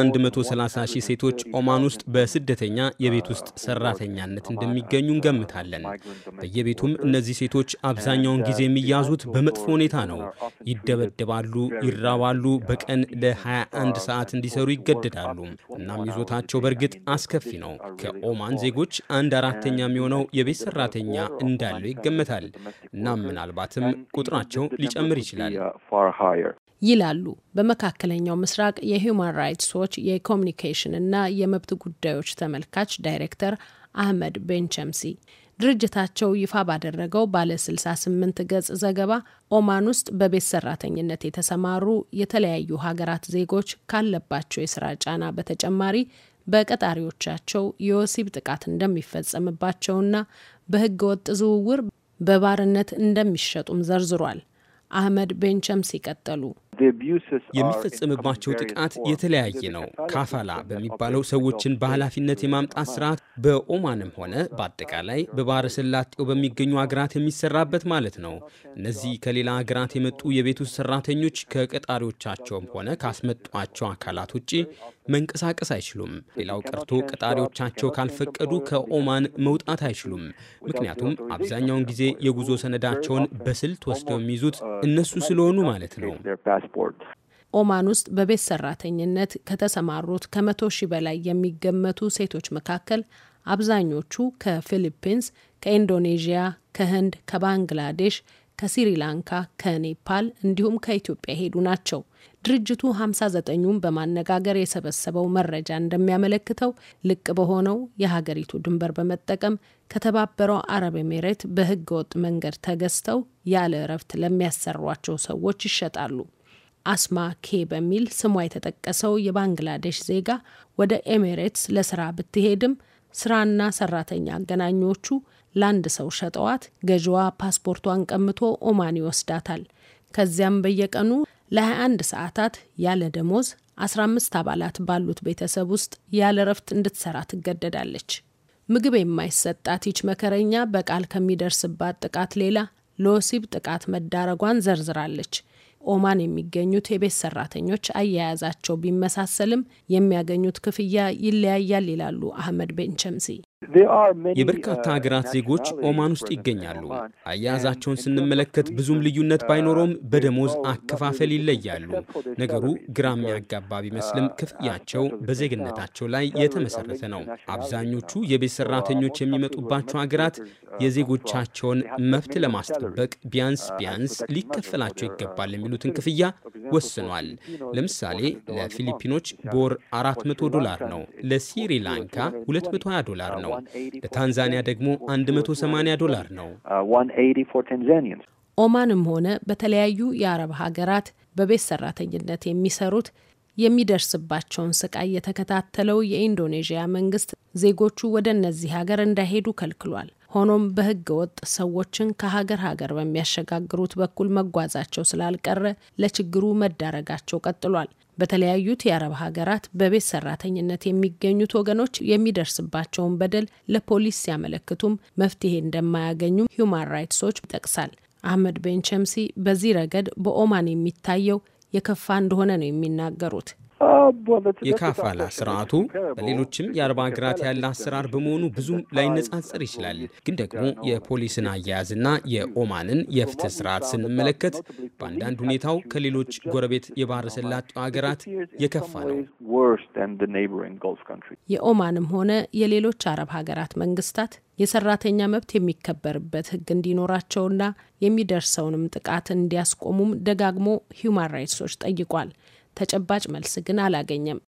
አንድ መቶ ሰላሳ ሺህ ሴቶች ኦማን ውስጥ በስደተኛ የቤት ውስጥ ሰራተኛነት እንደሚገኙ እንገምታለን። በየቤቱም እነዚህ ሴቶች አብዛኛውን ጊዜ የሚያዙት በመጥፎ ሁኔታ ነው። ይደበደባሉ፣ ይራባሉ፣ በቀን ለ21 ሰዓት እንዲሰሩ ይገደዳሉ። እናም ይዞታቸው በእርግጥ አስከፊ ነው። ከኦማን ዜጎች አንድ አራተኛ የሚሆነው የቤት ሰራተኛ እንዳለው ይገመታል። እናም ምናልባትም ቁጥራቸው ሊጨምር ይችላል። ይላሉ በመካከለኛው ምስራቅ የሁማን ራይትስ ዎች የኮሚኒኬሽን እና የመብት ጉዳዮች ተመልካች ዳይሬክተር አህመድ ቤንቸምሲ። ድርጅታቸው ይፋ ባደረገው ባለ 68 ገጽ ዘገባ ኦማን ውስጥ በቤት ሰራተኝነት የተሰማሩ የተለያዩ ሀገራት ዜጎች ካለባቸው የስራ ጫና በተጨማሪ በቀጣሪዎቻቸው የወሲብ ጥቃት እንደሚፈጸምባቸውና በህገ ወጥ ዝውውር በባርነት እንደሚሸጡም ዘርዝሯል። አህመድ ቤንቸምሲ ቀጠሉ። የሚፈጸምባቸው ጥቃት የተለያየ ነው። ካፋላ በሚባለው ሰዎችን በኃላፊነት የማምጣት ስርዓት በኦማንም ሆነ በአጠቃላይ በባህረ ሰላጤው በሚገኙ አገራት የሚሰራበት ማለት ነው። እነዚህ ከሌላ ሀገራት የመጡ የቤት ውስጥ ሰራተኞች ከቀጣሪዎቻቸውም ሆነ ካስመጧቸው አካላት ውጭ መንቀሳቀስ አይችሉም። ሌላው ቀርቶ ቀጣሪዎቻቸው ካልፈቀዱ ከኦማን መውጣት አይችሉም። ምክንያቱም አብዛኛውን ጊዜ የጉዞ ሰነዳቸውን በስልት ወስደው የሚይዙት እነሱ ስለሆኑ ማለት ነው። ኦማን ውስጥ በቤት ሰራተኝነት ከተሰማሩት ከመቶ ሺህ በላይ የሚገመቱ ሴቶች መካከል አብዛኞቹ ከፊሊፒንስ፣ ከኢንዶኔዥያ፣ ከህንድ፣ ከባንግላዴሽ፣ ከስሪላንካ፣ ከኔፓል እንዲሁም ከኢትዮጵያ የሄዱ ናቸው። ድርጅቱ 59ኙን በማነጋገር የሰበሰበው መረጃ እንደሚያመለክተው ልቅ በሆነው የሀገሪቱ ድንበር በመጠቀም ከተባበረው አረብ ኤሜሬት በህገወጥ መንገድ ተገዝተው ያለ እረፍት ለሚያሰሯቸው ሰዎች ይሸጣሉ። አስማ ኬ በሚል ስሟ የተጠቀሰው የባንግላዴሽ ዜጋ ወደ ኤሚሬትስ ለስራ ብትሄድም ስራና ሰራተኛ አገናኞቹ ለአንድ ሰው ሸጠዋት፣ ገዢዋ ፓስፖርቷን ቀምቶ ኦማን ይወስዳታል። ከዚያም በየቀኑ ለ21 ሰዓታት ያለ ደሞዝ 15 አባላት ባሉት ቤተሰብ ውስጥ ያለ እረፍት እንድትሰራ ትገደዳለች። ምግብ የማይሰጣት ይች መከረኛ በቃል ከሚደርስባት ጥቃት ሌላ ለወሲብ ጥቃት መዳረጓን ዘርዝራለች። ኦማን የሚገኙት የቤት ሰራተኞች አያያዛቸው ቢመሳሰልም የሚያገኙት ክፍያ ይለያያል ይላሉ አህመድ ቤንቸምሲ። የበርካታ uh, ሀገራት ዜጎች ኦማን ውስጥ ይገኛሉ። አያያዛቸውን ስንመለከት ብዙም ልዩነት uh, ባይኖረውም በደሞዝ አከፋፈል ይለያሉ። ነገሩ ግራ የሚያጋባ ቢመስልም uh, ክፍያቸው በዜግነታቸው ላይ የተመሰረተ ነው። አብዛኞቹ የቤት ሰራተኞች የሚመጡባቸው ሀገራት የዜጎቻቸውን መብት ለማስጠበቅ ቢያንስ ቢያንስ ሊከፈላቸው ይገባል የሚሉትን ክፍያ ወስኗል። ለምሳሌ ለፊሊፒኖች በወር 400 ዶላር ነው፣ ለሲሪ 220 ዶላር ነው፣ ለታንዛኒያ ደግሞ 180 ዶላር ነው። ኦማንም ሆነ በተለያዩ የአረብ ሀገራት በቤት ሰራተኝነት የሚሰሩት የሚደርስባቸውን ስቃይ የተከታተለው የኢንዶኔዥያ መንግስት ዜጎቹ ወደ እነዚህ ሀገር እንዳይሄዱ ከልክሏል። ሆኖም በህገ ወጥ ሰዎችን ከሀገር ሀገር በሚያሸጋግሩት በኩል መጓዛቸው ስላልቀረ ለችግሩ መዳረጋቸው ቀጥሏል። በተለያዩት የአረብ ሀገራት በቤት ሰራተኝነት የሚገኙት ወገኖች የሚደርስባቸውን በደል ለፖሊስ ሲያመለክቱም መፍትሄ እንደማያገኙም ሂዩማን ራይትሶች ይጠቅሳል። አህመድ ቤን ቸምሲ በዚህ ረገድ በኦማን የሚታየው የከፋ እንደሆነ ነው የሚናገሩት። የካፋላ ስርዓቱ በሌሎችም የአረብ ሀገራት ያለ አሰራር በመሆኑ ብዙም ላይነጻጸር ይችላል። ግን ደግሞ የፖሊስን አያያዝና የኦማንን የፍትህ ስርዓት ስንመለከት በአንዳንድ ሁኔታው ከሌሎች ጎረቤት የባህረ ሰላጤው ሀገራት የከፋ ነው። የኦማንም ሆነ የሌሎች አረብ ሀገራት መንግስታት የሰራተኛ መብት የሚከበርበት ህግ እንዲኖራቸውና የሚደርሰውንም ጥቃት እንዲያስቆሙም ደጋግሞ ሂዩማን ራይትሶች ጠይቋል። ተጨባጭ መልስ ግን አላገኘም።